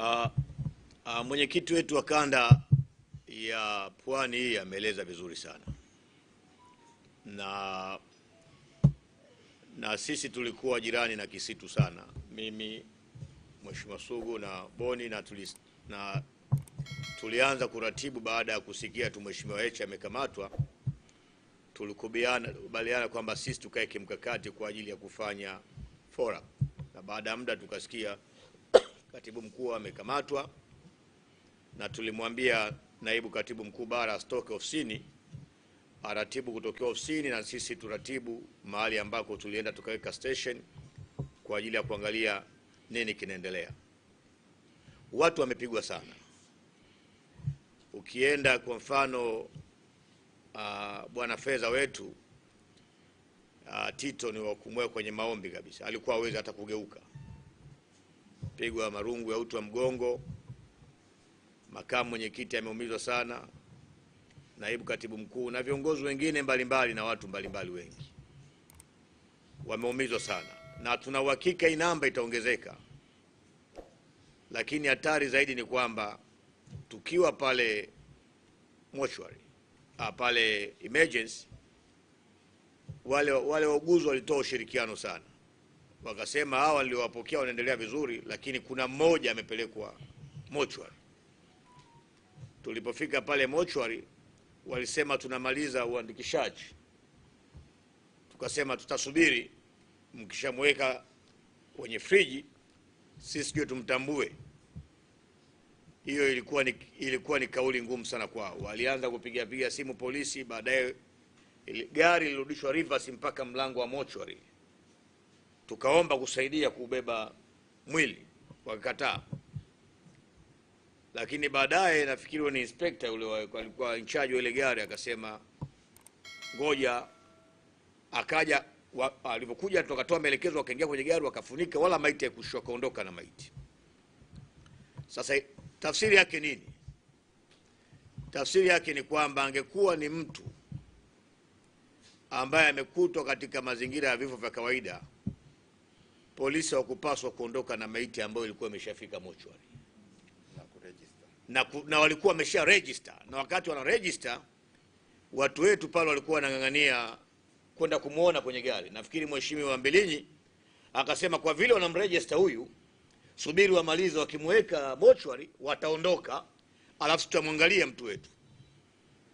Uh, uh, mwenyekiti wetu wa kanda ya pwani hii ameeleza vizuri sana na na sisi tulikuwa jirani na Kisitu sana, mimi Mheshimiwa Sugu na Boni na, tulis, na tulianza kuratibu baada ya kusikia tu Mheshimiwa Heche amekamatwa, tulikubaliana kwamba sisi tukae kimkakati kwa ajili ya kufanya fora, na baada ya muda tukasikia katibu mkuu amekamatwa, na tulimwambia naibu katibu mkuu bara asitoke ofisini, aratibu kutokea ofisini na sisi turatibu mahali ambako tulienda tukaweka station kwa ajili ya kuangalia nini kinaendelea. Watu wamepigwa sana. Ukienda kwa mfano uh, bwana fedha wetu uh, Tito ni wakumwe kwenye maombi kabisa, alikuwa hawezi hata kugeuka pigwa marungu ya uti wa mgongo. Makamu mwenyekiti ameumizwa sana, naibu katibu mkuu na viongozi wengine mbalimbali mbali na watu mbalimbali wengi wameumizwa sana, na tuna uhakika hii namba itaongezeka, lakini hatari zaidi ni kwamba tukiwa pale mochwari ah, pale emergency wale wale wauguzi walitoa ushirikiano sana wakasema hawa waliowapokea wanaendelea vizuri, lakini kuna mmoja amepelekwa mochwari. Tulipofika pale mochwari, walisema tunamaliza uandikishaji, tukasema tutasubiri, mkishamweka kwenye friji sisi ndio tumtambue. Hiyo ilikuwa ni, ilikuwa ni kauli ngumu sana kwao. Walianza kupigapiga simu polisi, baadaye gari lilirudishwa rivers mpaka mlango wa mochwari tukaomba kusaidia kubeba mwili wakakataa, lakini baadaye nafikiri ni inspekta yule alikuwa incharge ile gari akasema ngoja, akaja alivyokuja tukatoa maelekezo, wakaingia kwenye gari wakafunika, wala maiti haikushusha, kaondoka na maiti. Sasa tafsiri yake nini? Tafsiri yake ni kwamba angekuwa ni mtu ambaye amekutwa katika mazingira ya vifo vya kawaida polisi hawakupaswa kuondoka na maiti ambayo ilikuwa imeshafika mochwari na, na, na walikuwa wamesha register, na wakati wana register watu wetu pale walikuwa wanang'ang'ania kwenda kumwona kwenye gari. Nafikiri mheshimiwa Mbilinyi akasema kwa vile wanamregister huyu, subiri wamalize, wakimweka mochwari wataondoka, alafu tutamwangalia mtu wetu.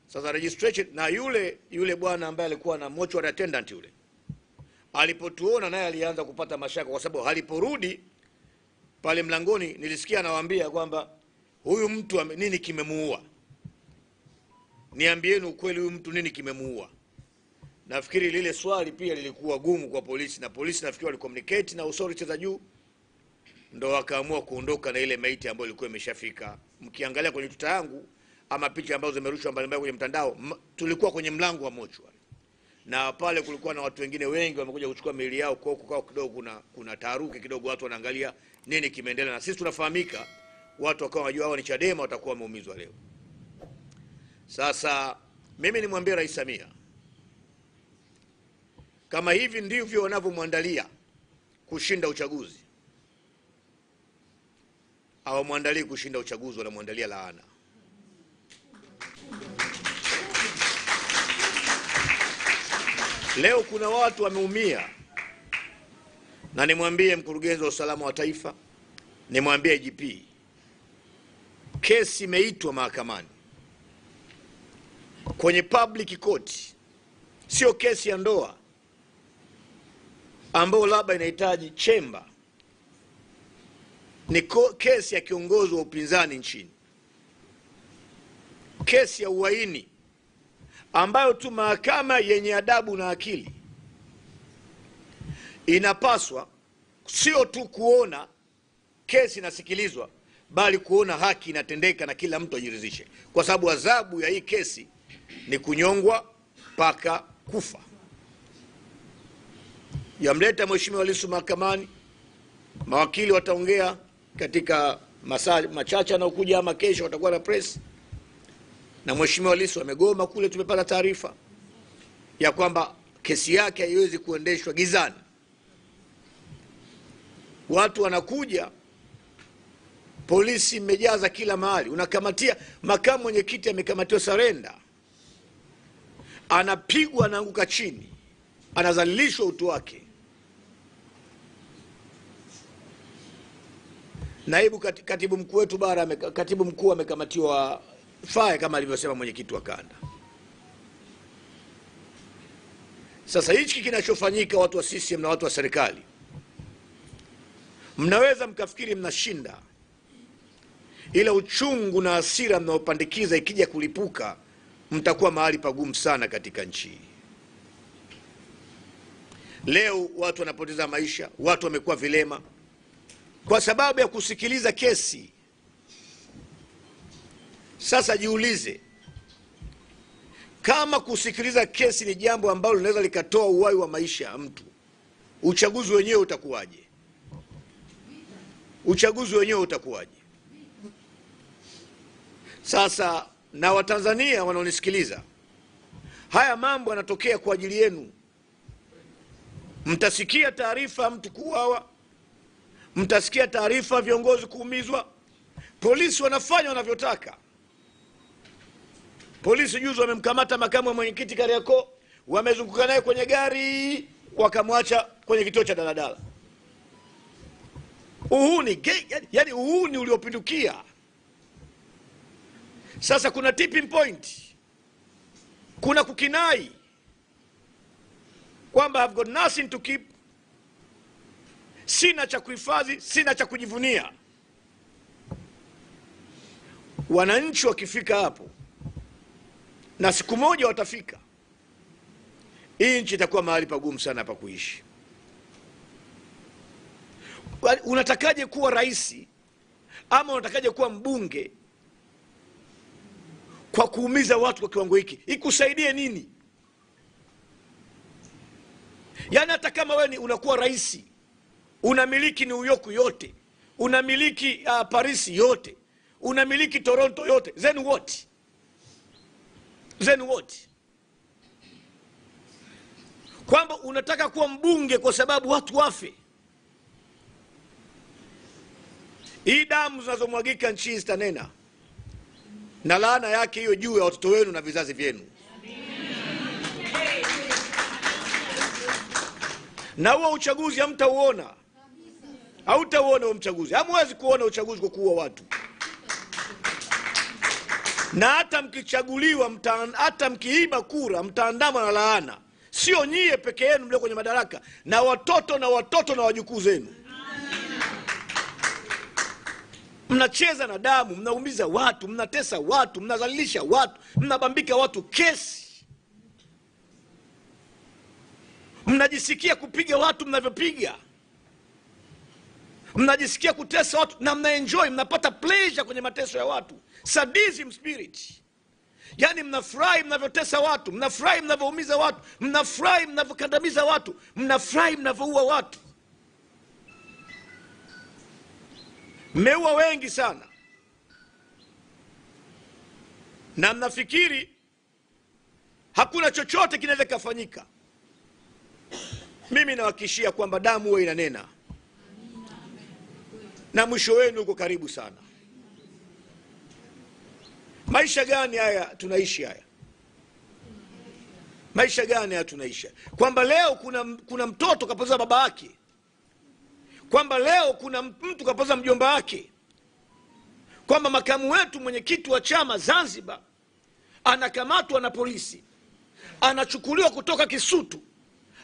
Sasa registration na yule yule bwana ambaye alikuwa na mochwari attendant yule Alipotuona naye alianza kupata mashaka, kwa sababu aliporudi pale mlangoni nilisikia anawaambia kwamba huyu mtu nini kimemuua? Niambieni ukweli, huyu mtu nini kimemuua? Nafikiri lile swali pia lilikuwa gumu kwa polisi, na polisi nafikiri walicommunicate na authority za juu, ndo wakaamua kuondoka na ile maiti ambayo ilikuwa imeshafika. Mkiangalia kwenye tuta yangu ama picha ambazo zimerushwa mbalimbali kwenye mtandao, tulikuwa kwenye mlango wa mochwa na pale kulikuwa na watu wengine wengi wamekuja kuchukua miili yao, kwa kukao kidogo, kuna kuna taharuki kidogo, watu wanaangalia nini kimeendelea, na sisi tunafahamika, watu wakawa wanajua hao ni Chadema, watakuwa wameumizwa leo. Sasa mimi nimwambie Rais Samia kama hivi ndivyo wanavyomwandalia kushinda uchaguzi, hawamwandalii kushinda uchaguzi, wanamwandalia laana. Leo kuna watu wameumia, na nimwambie mkurugenzi wa usalama wa taifa, nimwambie IGP, kesi imeitwa mahakamani kwenye public court, sio kesi ya ndoa ambayo labda inahitaji chemba. Ni kesi ya kiongozi wa upinzani nchini, kesi ya uhaini ambayo tu mahakama yenye adabu na akili inapaswa sio tu kuona kesi inasikilizwa, bali kuona haki inatendeka na kila mtu ajiridhishe, kwa sababu adhabu ya hii kesi ni kunyongwa mpaka kufa. Yamleta Mheshimiwa Lissu mahakamani, mawakili wataongea katika masaa machache anaokuja, ama kesho watakuwa na press na Mheshimiwa lisu amegoma kule, tumepata taarifa ya kwamba kesi yake haiwezi kuendeshwa gizani. Watu wanakuja, polisi mmejaza kila mahali, unakamatia. Makamu mwenyekiti amekamatiwa sarenda, anapigwa, anaanguka chini, anazalilishwa utu wake. Naibu katibu mkuu wetu bara, katibu mkuu amekamatiwa fae kama alivyosema mwenyekiti wa kanda. Sasa hichi kinachofanyika, watu wa CCM na watu wa serikali, mnaweza mkafikiri mnashinda, ila uchungu na hasira mnayopandikiza ikija kulipuka, mtakuwa mahali pagumu sana katika nchi hii. Leo watu wanapoteza maisha, watu wamekuwa vilema kwa sababu ya kusikiliza kesi sasa jiulize kama kusikiliza kesi ni jambo ambalo linaweza likatoa uhai wa maisha ya mtu, uchaguzi wenyewe utakuwaje? Uchaguzi wenyewe utakuwaje? Sasa na Watanzania wanaonisikiliza, haya mambo yanatokea kwa ajili yenu. Mtasikia taarifa mtu kuuawa, mtasikia taarifa viongozi kuumizwa. Polisi wanafanya wanavyotaka. Polisi juzi wamemkamata makamu wa mwenyekiti kariako wamezunguka naye kwenye gari wakamwacha kwenye kituo cha daladala. Uhuni yani, uhuni uliopindukia. Sasa kuna tipping point, kuna kukinai kwamba I've got nothing to keep, sina cha kuhifadhi, sina cha kujivunia. Wananchi wakifika hapo na siku moja watafika, hii nchi itakuwa mahali pagumu sana pa kuishi. Unatakaje kuwa raisi ama unatakaje kuwa mbunge kwa kuumiza watu kwa kiwango hiki? Ikusaidie nini? Yaani hata kama wewe ni unakuwa raisi unamiliki New York yote, unamiliki uh, ah, parisi yote, unamiliki Toronto yote, then what? zenu wote kwamba unataka kuwa mbunge kwa sababu watu wafe. Hii damu zinazomwagika nchi hii zitanena, na laana yake hiyo juu ya watoto wenu na vizazi vyenu. Na huo uchaguzi hamtauona, hautauona huo mchaguzi, hamuwezi kuona uchaguzi kwa kuua watu na hata mkichaguliwa mta, hata mkiiba kura mtaandama na laana, sio nyie peke yenu mlio kwenye madaraka, na watoto na watoto na wajukuu zenu. Mnacheza na damu, mnaumiza watu, mnatesa watu, mnazalilisha watu, mnabambika watu kesi, mnajisikia kupiga watu mnavyopiga mnajisikia kutesa watu na mnaenjoy, mnapata pleasure kwenye mateso ya watu. Sadism spirit, yaani mnafurahi mnavyotesa watu, mnafurahi mnavyoumiza watu, mnafurahi mnavyokandamiza watu, mnafurahi mnavyoua watu. Mmeua wengi sana, na mnafikiri hakuna chochote kinaweza kikafanyika. Mimi nawakishia kwamba damu huwa inanena na mwisho wenu uko karibu sana. Maisha gani haya tunaishi? Haya maisha gani haya tunaishi? Kwamba leo kuna, kuna mtoto kapoza baba yake, kwamba leo kuna mtu kapoza mjomba wake, kwamba makamu wetu mwenyekiti wa chama Zanzibar anakamatwa na polisi, anachukuliwa kutoka Kisutu,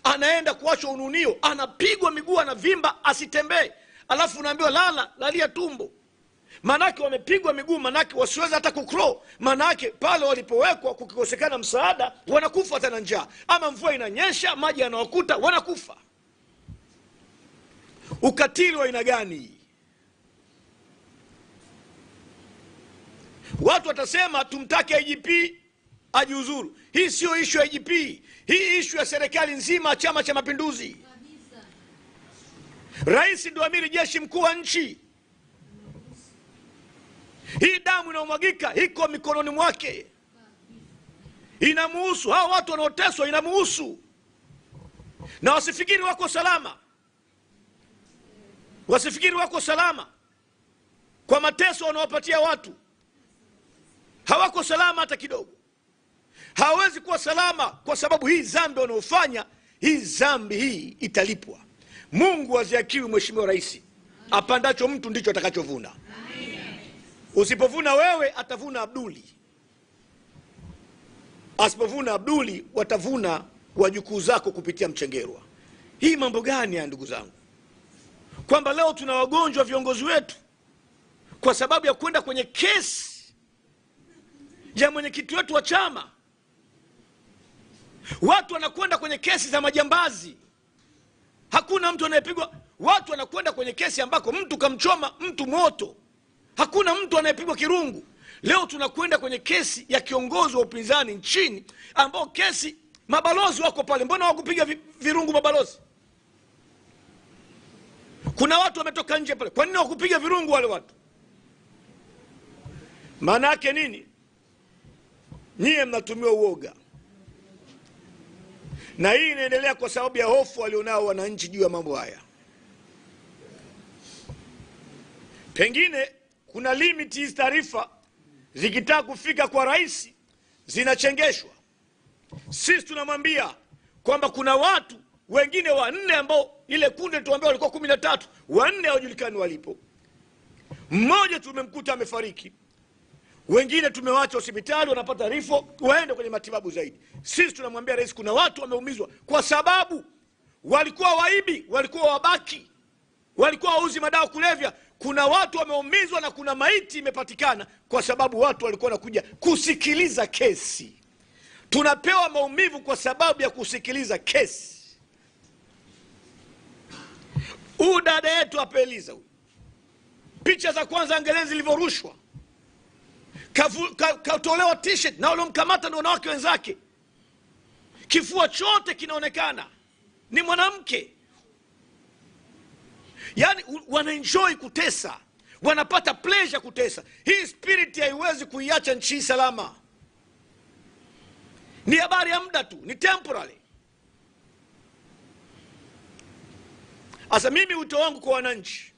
anaenda kuachwa Ununio, anapigwa miguu, anavimba asitembee alafu unaambiwa lala, lalia tumbo. Maanake wamepigwa miguu, maanake wasiweza hata kukro, manake pale walipowekwa kukikosekana msaada, wanakufa hata njaa, ama mvua inanyesha, maji yanawakuta, wanakufa. Ukatili wa aina gani? Watu watasema tumtake IGP ajiuzuru. Hii siyo ishu ya IGP, hii ishu ya serikali nzima, Chama cha Mapinduzi. Rais ndio amiri jeshi mkuu wa nchi. Hii damu inayomwagika iko mikononi mwake, inamuhusu. Hawa watu wanaoteswa inamuhusu, na wasifikiri wako salama, wasifikiri wako salama kwa mateso wanaopatia watu. Hawako salama hata kidogo, hawawezi kuwa salama, kwa sababu hii zambi wanaofanya, hii zambi hii italipwa. Mungu aziakiwi Mheshimiwa Rais, apandacho mtu ndicho atakachovuna. Usipovuna wewe, atavuna Abduli. Asipovuna Abduli, watavuna wajukuu zako kupitia Mchengerwa. Hii mambo gani ya ndugu zangu, kwamba leo tuna wagonjwa viongozi wetu kwa sababu ya kwenda kwenye kesi ya mwenyekiti wetu wa chama. Watu wanakwenda kwenye kesi za majambazi hakuna mtu anayepigwa. Watu wanakwenda kwenye kesi ambako mtu kamchoma mtu moto, hakuna mtu anayepigwa kirungu. Leo tunakwenda kwenye kesi ya kiongozi wa upinzani nchini, ambao kesi mabalozi wako pale, mbona wakupiga virungu mabalozi? Kuna watu wametoka nje pale, kwa nini wakupiga virungu wale watu? Maana yake nini? Nyiye mnatumia uoga na hii inaendelea kwa sababu ya hofu walionao wananchi juu ya mambo haya. Pengine kuna limiti hizi taarifa zikitaka kufika kwa rais zinachengeshwa. Sisi tunamwambia kwamba kuna watu wengine wanne ambao ile kunde tuambia walikuwa kumi na tatu, wanne hawajulikani walipo. Mmoja tumemkuta amefariki, wengine tumewacha hospitali wanapata rifo, waende kwenye matibabu zaidi. Sisi tunamwambia rais, kuna watu wameumizwa kwa sababu walikuwa waibi, walikuwa wabaki, walikuwa wauzi madawa kulevya. Kuna watu wameumizwa na kuna maiti imepatikana kwa sababu watu walikuwa wanakuja kusikiliza kesi. Tunapewa maumivu kwa sababu ya kusikiliza kesi. huu dada yetu apeliza, huyu picha za kwanza angelezi zilivyorushwa katolewa ka, na waliomkamata ni wanawake wenzake, kifua chote kinaonekana, ni mwanamke. Yani wanaenjoi kutesa, wanapata pleasure kutesa. Hii spirit haiwezi kuiacha nchi hii salama. Ni habari ya muda tu, ni temporary. Sasa mimi wito wangu kwa wananchi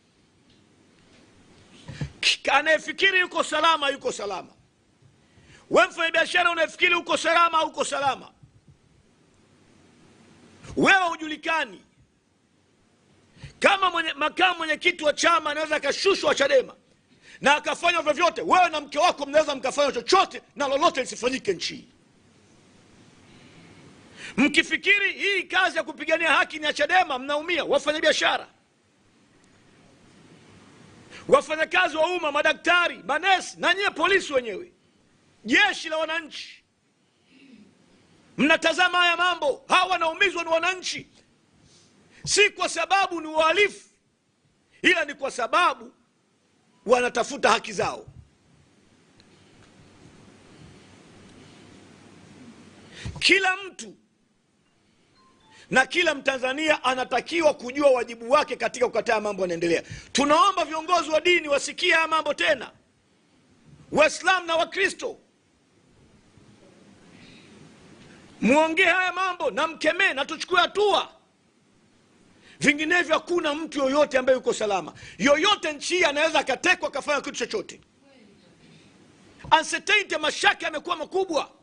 Anayefikiri yuko salama yuko salama. We mfanya biashara unayefikiri uko salama uko salama, wewe hujulikani. Kama mwenye, makamu mwenyekiti wa chama anaweza akashushwa Chadema na akafanywa vyovyote, wewe na mke wako mnaweza mkafanywa chochote na lolote lisifanyike nchii mkifikiri hii kazi ya kupigania haki ni ya Chadema, mnaumia wafanyabiashara wafanyakazi wa umma, madaktari, manesi na nyie polisi wenyewe, jeshi la wananchi, mnatazama haya mambo. Hawa wanaumizwa ni wananchi, si kwa sababu ni uhalifu ila ni kwa sababu wanatafuta haki zao. Kila mtu na kila Mtanzania anatakiwa kujua wajibu wake katika kukataa mambo yanaendelea. Tunaomba viongozi wa dini wasikie haya mambo tena, Waislamu na Wakristo mwongee haya mambo na mkemee na tuchukue hatua, vinginevyo hakuna mtu yoyote ambaye yuko salama. Yoyote nchi hii anaweza akatekwa akafanya kitu chochote. Uncertainty ya mashaka yamekuwa makubwa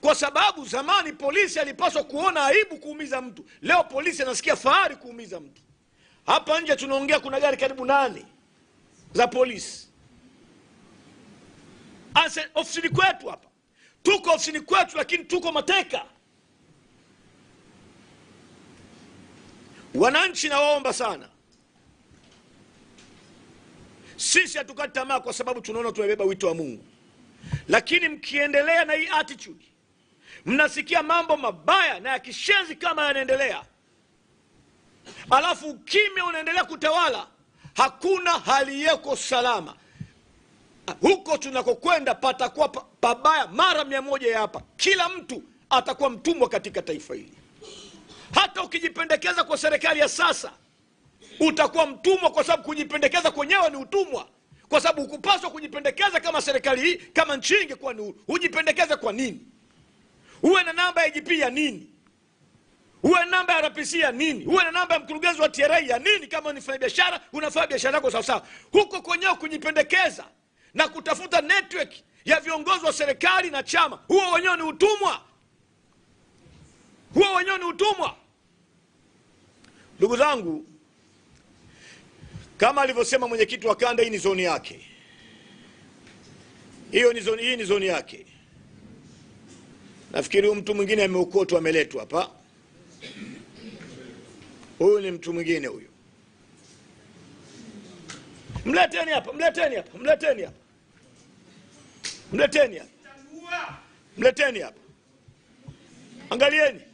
kwa sababu zamani polisi alipaswa kuona aibu kuumiza mtu, leo polisi anasikia fahari kuumiza mtu. Hapa nje tunaongea, kuna gari karibu nane za polisi Ase, ofisini kwetu hapa, tuko ofisini kwetu, lakini tuko mateka. Wananchi, nawaomba sana, sisi hatukati tamaa, kwa sababu tunaona tumebeba wito wa Mungu, lakini mkiendelea na hii attitude mnasikia mambo mabaya na ya kishenzi kama yanaendelea, alafu ukimya unaendelea kutawala, hakuna haliyeko salama. Huko tunakokwenda patakuwa pabaya mara mia moja ya hapa. Kila mtu atakuwa mtumwa katika taifa hili. Hata ukijipendekeza kwa serikali ya sasa utakuwa mtumwa, kwa sababu kujipendekeza kwenyewe ni utumwa, kwa sababu hukupaswa kujipendekeza kama serikali hii, kama nchi ingekuwa ni Hujipendekeze kwa nini? uwe na namba ya IGP ya nini? Uwe na namba ya RPC ya nini? Uwe na namba ya mkurugenzi wa TRA ya nini? Kama ni biashara, unafanya biashara yako sawa sawa Huko kwenyewe kujipendekeza na kutafuta network ya viongozi wa serikali na chama, huo wenyewe ni utumwa, huo wenyewe ni utumwa. Ndugu zangu, kama alivyosema mwenyekiti wa kanda, hii ni zoni yake, hiyo ni zoni, hii ni zoni yake. Nafikiri mtu mwingine ameokotwa ameletwa hapa. Huyu ni mtu mwingine huyu. Mleteni hapa, mleteni hapa, mleteni hapa, mleteni hapa, mleteni hapa, angalieni.